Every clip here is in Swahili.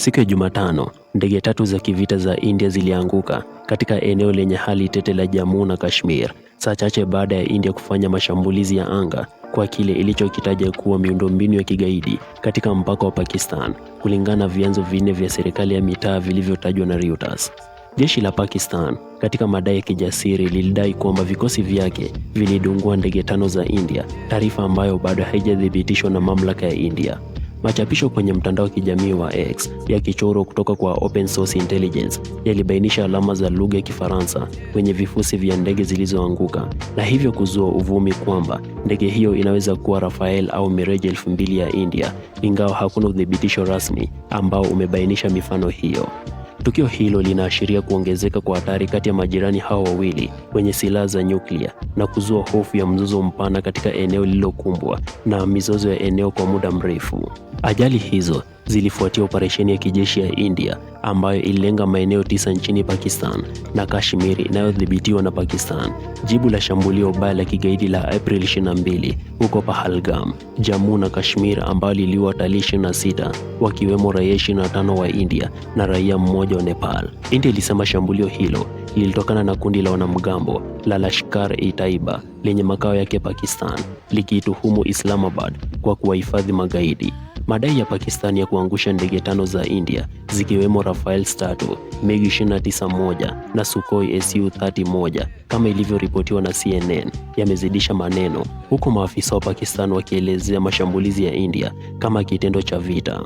Siku ya Jumatano, ndege tatu za kivita za India zilianguka katika eneo lenye hali tete la Jammu na Kashmir, saa chache baada ya India kufanya mashambulizi ya anga kwa kile ilichokitaja kuwa miundombinu ya kigaidi katika mpaka wa Pakistan, kulingana na vyanzo vinne vya serikali ya mitaa vilivyotajwa na Reuters. Jeshi la Pakistan katika madai ya kijasiri lilidai kwamba vikosi vyake vilidungua ndege tano za India, taarifa ambayo bado haijathibitishwa na mamlaka ya India. Machapisho kwenye mtandao wa kijamii wa X ya kichoro kutoka kwa Open Source Intelligence yalibainisha alama za lugha ya Kifaransa kwenye vifusi vya ndege zilizoanguka na hivyo kuzua uvumi kwamba ndege hiyo inaweza kuwa Rafael au Mirage 2000 ya India, ingawa hakuna uthibitisho rasmi ambao umebainisha mifano hiyo. Tukio hilo linaashiria kuongezeka kwa hatari kati ya majirani hao wawili wenye silaha za nyuklia na kuzua hofu ya mzozo mpana katika eneo lililokumbwa na mizozo ya eneo kwa muda mrefu. Ajali hizo zilifuatia operesheni ya kijeshi ya India ambayo ililenga maeneo tisa nchini Pakistan na Kashmir inayodhibitiwa na Pakistan, jibu la shambulio baya la kigaidi la April 22 huko Pahalgam, Jammu na Kashmir, ambalo liliua watalii 26 wakiwemo raia 25 wa India na raia mmoja wa Nepal. India ilisema shambulio hilo lilitokana na kundi la wanamgambo la Lashkar-e-Taiba lenye makao yake Pakistan, likiituhumu Islamabad kwa kuwahifadhi magaidi. Madai ya Pakistan ya kuangusha ndege tano za India zikiwemo rafael Stato, MiG 291 na Sukhoi Su 31 kama ilivyoripotiwa na CNN yamezidisha maneno, huku maafisa wa Pakistan wakielezea mashambulizi ya India kama kitendo cha vita.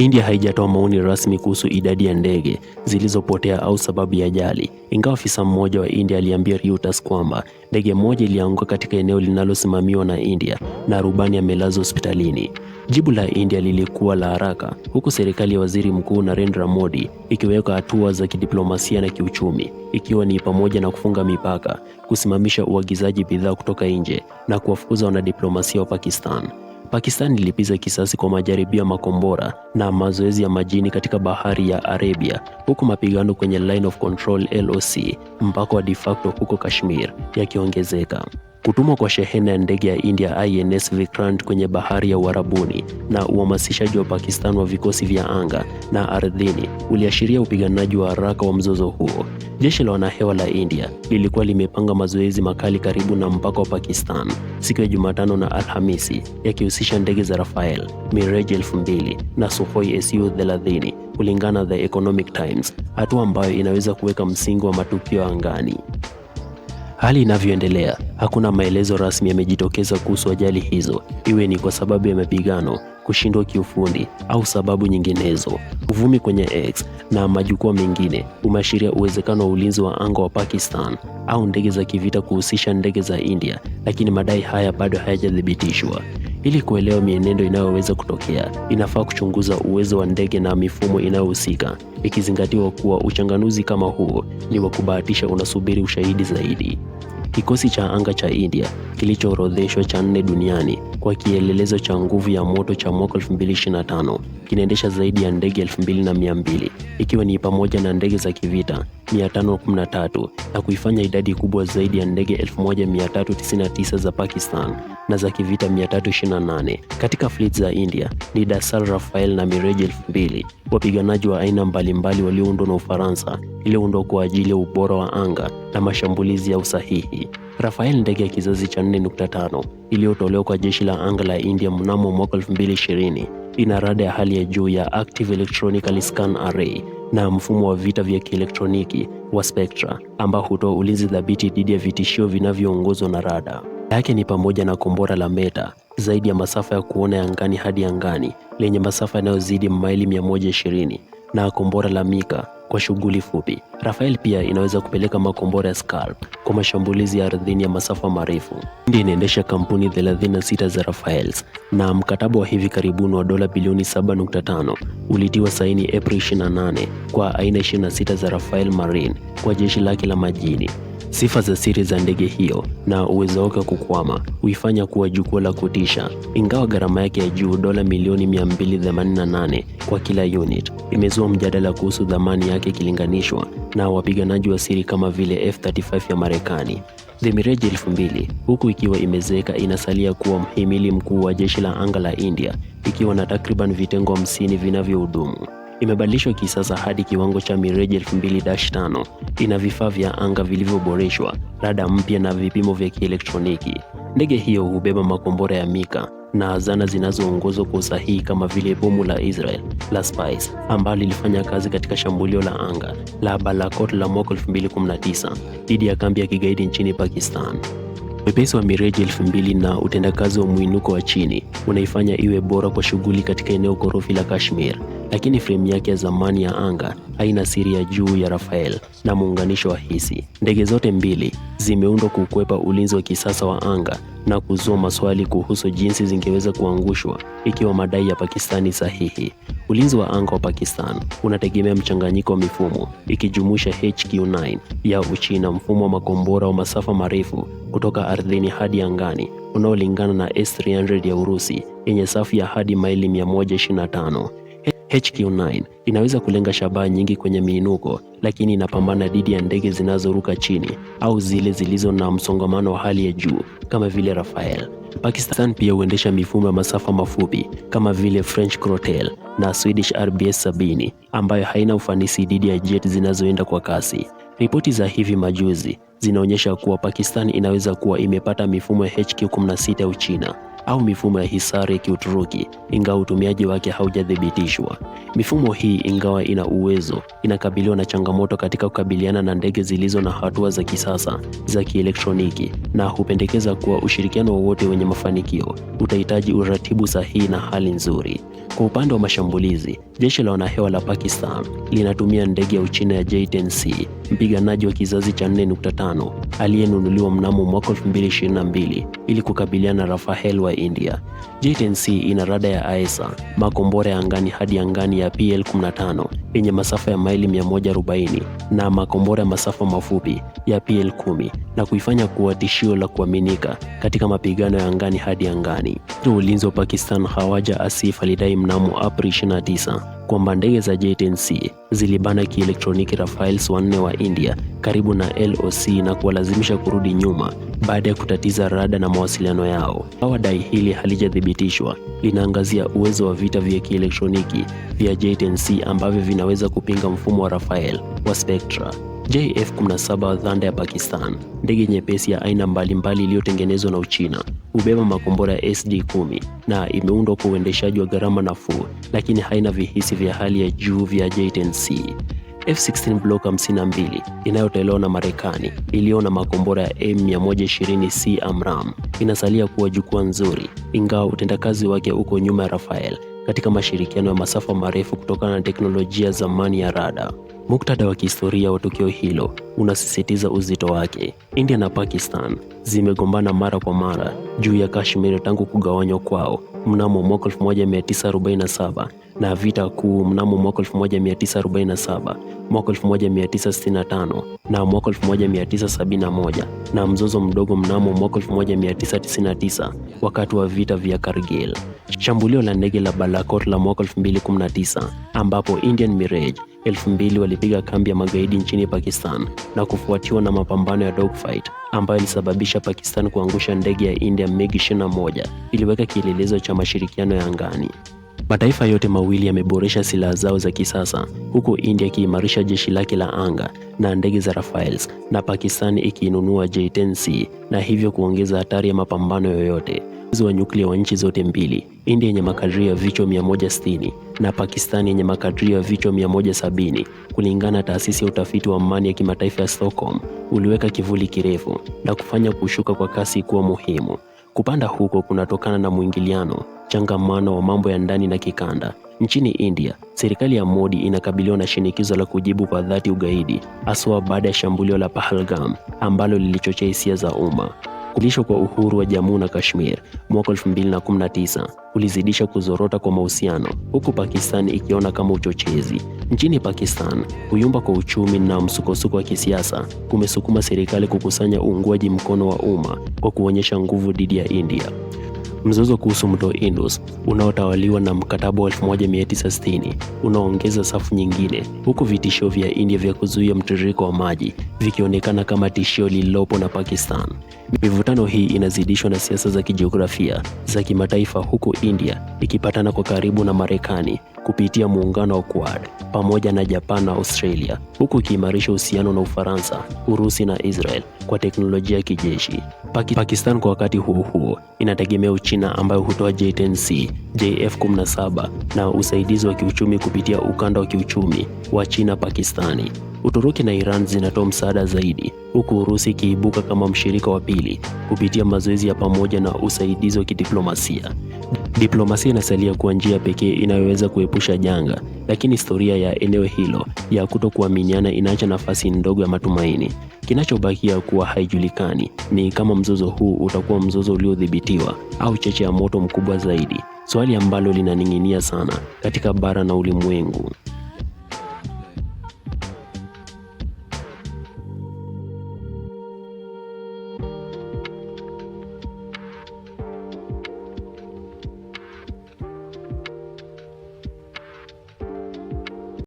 India haijatoa maoni rasmi kuhusu idadi ya ndege zilizopotea au sababu ya ajali, ingawa afisa mmoja wa India aliambia Reuters kwamba ndege moja ilianguka katika eneo linalosimamiwa na India na rubani amelazwa hospitalini. Jibu la India lilikuwa la haraka, huku serikali ya Waziri Mkuu Narendra Modi ikiweka hatua za kidiplomasia na kiuchumi, ikiwa ni pamoja na kufunga mipaka, kusimamisha uagizaji bidhaa kutoka nje na kuwafukuza wanadiplomasia wa Pakistan. Pakistan ilipiza kisasi kwa majaribio ya makombora na mazoezi ya majini katika bahari ya Arabia, huku mapigano kwenye Line of Control LOC, mpaka wa de facto huko Kashmir, yakiongezeka kutumwa kwa shehena ya ndege ya India INS Vikrant kwenye bahari ya Uarabuni na uhamasishaji wa Pakistan wa vikosi vya anga na ardhini uliashiria upiganaji wa haraka wa mzozo huo. Jeshi la wanahewa la India lilikuwa limepanga mazoezi makali karibu na mpaka wa Pakistan siku ya Jumatano na Alhamisi, yakihusisha ndege za Rafael, Mirage 2000 na Sukhoi Su 30 kulingana na The Economic Times, hatua ambayo inaweza kuweka msingi wa matukio angani. Hali inavyoendelea, hakuna maelezo rasmi yamejitokeza kuhusu ajali hizo, iwe ni kwa sababu ya mapigano, kushindwa kiufundi au sababu nyinginezo. Uvumi kwenye X na majukwaa mengine umeashiria uwezekano wa ulinzi wa anga wa Pakistan au ndege za kivita kuhusisha ndege za India, lakini madai haya bado hayajathibitishwa. Ili kuelewa mienendo inayoweza kutokea, inafaa kuchunguza uwezo wa ndege na mifumo inayohusika, ikizingatiwa kuwa uchanganuzi kama huo ni wa kubahatisha, unasubiri ushahidi zaidi. Kikosi cha anga cha India kilichoorodheshwa cha nne duniani kwa kielelezo cha nguvu ya moto cha mwaka 2025 kinaendesha zaidi ya ndege 2200 ikiwa ni pamoja na ndege za kivita 513 na kuifanya idadi kubwa zaidi ya ndege 1399 za Pakistan na za kivita 328. Katika fleet za India ni Dassault Rafale na Mirage 2000, wapiganaji wa aina mbalimbali walioundwa na Ufaransa iliyoundwa kwa ajili ya ubora wa anga na mashambulizi ya usahihi. Rafael, ndege ya kizazi cha 4.5 iliyotolewa kwa jeshi la anga la India mnamo mwaka 2020, ina rada ya hali ya juu ya Active Electronically Scan Array na mfumo wa vita vya kielektroniki wa Spectra ambao hutoa ulinzi dhabiti dhidi ya vitishio vinavyoongozwa na rada yake ni pamoja na kombora la Meta zaidi ya masafa ya kuona ya angani hadi angani lenye masafa yanayozidi maili 120 na kombora la Mika kwa shughuli fupi. Rafael pia inaweza kupeleka makombora ya Scalp kwa mashambulizi ya ardhini ya masafa marefu. India inaendesha kampuni 36 za Rafaels na mkataba wa hivi karibuni wa dola bilioni 7.5 ulitiwa saini april 28 kwa aina 26 za Rafael Marine kwa jeshi lake la majini. Sifa za siri za ndege hiyo na uwezo wake wa kukwama huifanya kuwa jukwaa la kutisha. Ingawa gharama yake ya juu, dola milioni 288 kwa kila unit, imezua mjadala kuhusu dhamani yake ikilinganishwa na wapiganaji wa siri kama vile F-35 ya Marekani. The Mirage 2000 huku ikiwa imezeeka, inasalia kuwa mhimili mkuu wa jeshi la anga la India, ikiwa na takriban vitengo 50 vinavyohudumu imebadilishwa kisasa hadi kiwango cha mireji 2 5 Ina vifaa vya anga vilivyoboreshwa, rada mpya na vipimo vya kielektroniki. Ndege hiyo hubeba makombora ya Mika na zana zinazoongozwa kwa usahihi kama vile bomu la Israel la Spice ambalo lilifanya kazi katika shambulio la anga la Balakot la mwaka 2019 dhidi ya kambi ya kigaidi nchini Pakistan. Wepesi wa mireji elfu mbili na utendakazi wa mwinuko wa chini unaifanya iwe bora kwa shughuli katika eneo korofi la Kashmir lakini fremu yake ya zamani ya anga haina siri ya juu ya Rafael na muunganisho wa hisi. Ndege zote mbili zimeundwa kukwepa ulinzi wa kisasa wa anga na kuzua maswali kuhusu jinsi zingeweza kuangushwa ikiwa madai ya Pakistani sahihi. Ulinzi wa anga wa Pakistan unategemea mchanganyiko wa mifumo ikijumuisha HQ9 ya Uchina, mfumo wa makombora wa masafa marefu kutoka ardhini hadi angani unaolingana na S300 ya Urusi yenye safu ya hadi maili 125 HQ9 inaweza kulenga shabaha nyingi kwenye miinuko, lakini inapambana dhidi ya ndege zinazoruka chini au zile zilizo na msongamano wa hali ya juu kama vile rafael Pakistan pia huendesha mifumo ya masafa mafupi kama vile French Crotel na Swedish RBS 70 ambayo haina ufanisi dhidi ya jet zinazoenda kwa kasi. Ripoti za hivi majuzi zinaonyesha kuwa Pakistan inaweza kuwa imepata mifumo ya HQ16 ya Uchina au mifumo ya hisari ya Kiuturuki, ingawa utumiaji wake haujathibitishwa. Mifumo hii, ingawa ina uwezo, inakabiliwa na changamoto katika kukabiliana na ndege zilizo na hatua za kisasa za kielektroniki, na hupendekeza kuwa ushirikiano wowote wenye mafanikio utahitaji uratibu sahihi na hali nzuri. Kwa upande wa mashambulizi, jeshi la wanahewa la Pakistan linatumia ndege ya Uchina ya J-10C, mpiganaji wa kizazi cha 4.5 aliyenunuliwa mnamo mwaka 2022 ili kukabiliana na Rafael wa India. JTNC ina rada ya AESA, makombora ya angani hadi angani ya PL15 yenye masafa ya maili 140 na makombora ya masafa mafupi ya PL10 na kuifanya kuwa tishio la kuaminika katika mapigano ya angani hadi angani. Ulinzi wa Pakistan Khawaja Asif alidai mnamo Aprili 29 kwamba ndege za JTNC zilibana kielektroniki Rafales wanne wa India karibu na LOC na kuwalazimisha kurudi nyuma baada ya kutatiza rada na mawasiliano yao. Hawa dai hili halijathibitishwa, linaangazia uwezo wa vita vya kielektroniki vya JTNC ambavyo vinaweza kupinga mfumo wa Rafael wa Spectra. JF-17 Thunder ya Pakistan, ndege nyepesi ya aina mbalimbali iliyotengenezwa na Uchina, hubeba makombora ya SD-10 na imeundwa kwa uendeshaji wa gharama nafuu, lakini haina vihisi vya hali ya juu vya J-10C. F-16 Block 52 inayotolewa na Marekani iliyo na makombora ya M120C amram inasalia kuwa jukwaa nzuri, ingawa utendakazi wake uko nyuma ya Rafael katika mashirikiano ya masafa marefu kutokana na teknolojia zamani ya rada. Muktadha wa kihistoria wa tukio hilo unasisitiza uzito wake. India na Pakistan zimegombana mara kwa mara juu ya Kashmir tangu kugawanywa kwao mnamo mwaka 1947 na vita kuu mnamo mwaka 1947, mwaka 1965 na mwaka 1971 na mzozo mdogo mnamo mwaka 1999 wakati wa vita vya Kargil. Shambulio la ndege la Balakot la mwaka 2019 ambapo Indian Mirage mbili walipiga kambi ya magaidi nchini Pakistan na kufuatiwa na mapambano ya dogfight ambayo ilisababisha Pakistan kuangusha ndege ya India MiG 21, iliweka kielelezo cha mashirikiano ya angani. Mataifa yote mawili yameboresha silaha zao za kisasa, huku India ikiimarisha jeshi lake la anga na ndege za Rafales na Pakistan ikiinunua J-10C na hivyo kuongeza hatari ya mapambano yoyote uwezo wa nyuklia wa nchi zote mbili, India yenye makadirio ya vichwa 160 na Pakistan yenye makadirio ya vichwa 170, kulingana na taasisi ya utafiti wa amani ya kimataifa ya Stockholm, uliweka kivuli kirefu na kufanya kushuka kwa kasi kuwa muhimu. Kupanda huko kunatokana na mwingiliano changamano wa mambo ya ndani na kikanda. Nchini India, serikali ya Modi inakabiliwa na shinikizo la kujibu kwa dhati ugaidi, haswa baada ya shambulio la Pahalgam ambalo lilichochea hisia za umma. kulisho kwa uhuru wa Jammu na Kashmir mwaka 2019 ulizidisha kuzorota kwa mahusiano, huku Pakistan ikiona kama uchochezi. Nchini Pakistan, kuyumba kwa uchumi na msukosuko wa kisiasa kumesukuma serikali kukusanya uungwaji mkono wa umma kwa kuonyesha nguvu dhidi ya India. Mzozo kuhusu mto Indus unaotawaliwa na mkataba wa 1960 unaongeza safu nyingine, huku vitisho vya India vya kuzuia mtiririko wa maji vikionekana kama tishio lililopo na Pakistan. Mivutano hii inazidishwa na siasa za kijiografia za kimataifa, huku India ikipatana kwa karibu na Marekani kupitia muungano wa Quad pamoja na Japan na Australia huku ikiimarisha uhusiano na Ufaransa, Urusi na Israel kwa teknolojia ya kijeshi. Paki, Pakistan kwa wakati huo huo inategemea Uchina ambayo hutoa J-10C, JF-17 na usaidizi wa kiuchumi kupitia ukanda wa kiuchumi wa China Pakistani. Uturuki na Iran zinatoa msaada zaidi, huku Urusi ikiibuka kama mshirika wa pili kupitia mazoezi ya pamoja na usaidizi wa kidiplomasia. Diplomasia inasalia kuwa njia pekee inayoweza kuepusha janga, lakini historia ya eneo hilo ya kutokuaminiana inaacha nafasi ndogo ya matumaini. Kinachobakia kuwa haijulikani ni kama mzozo huu utakuwa mzozo uliodhibitiwa au cheche ya moto mkubwa zaidi, swali ambalo linaning'inia sana katika bara na ulimwengu.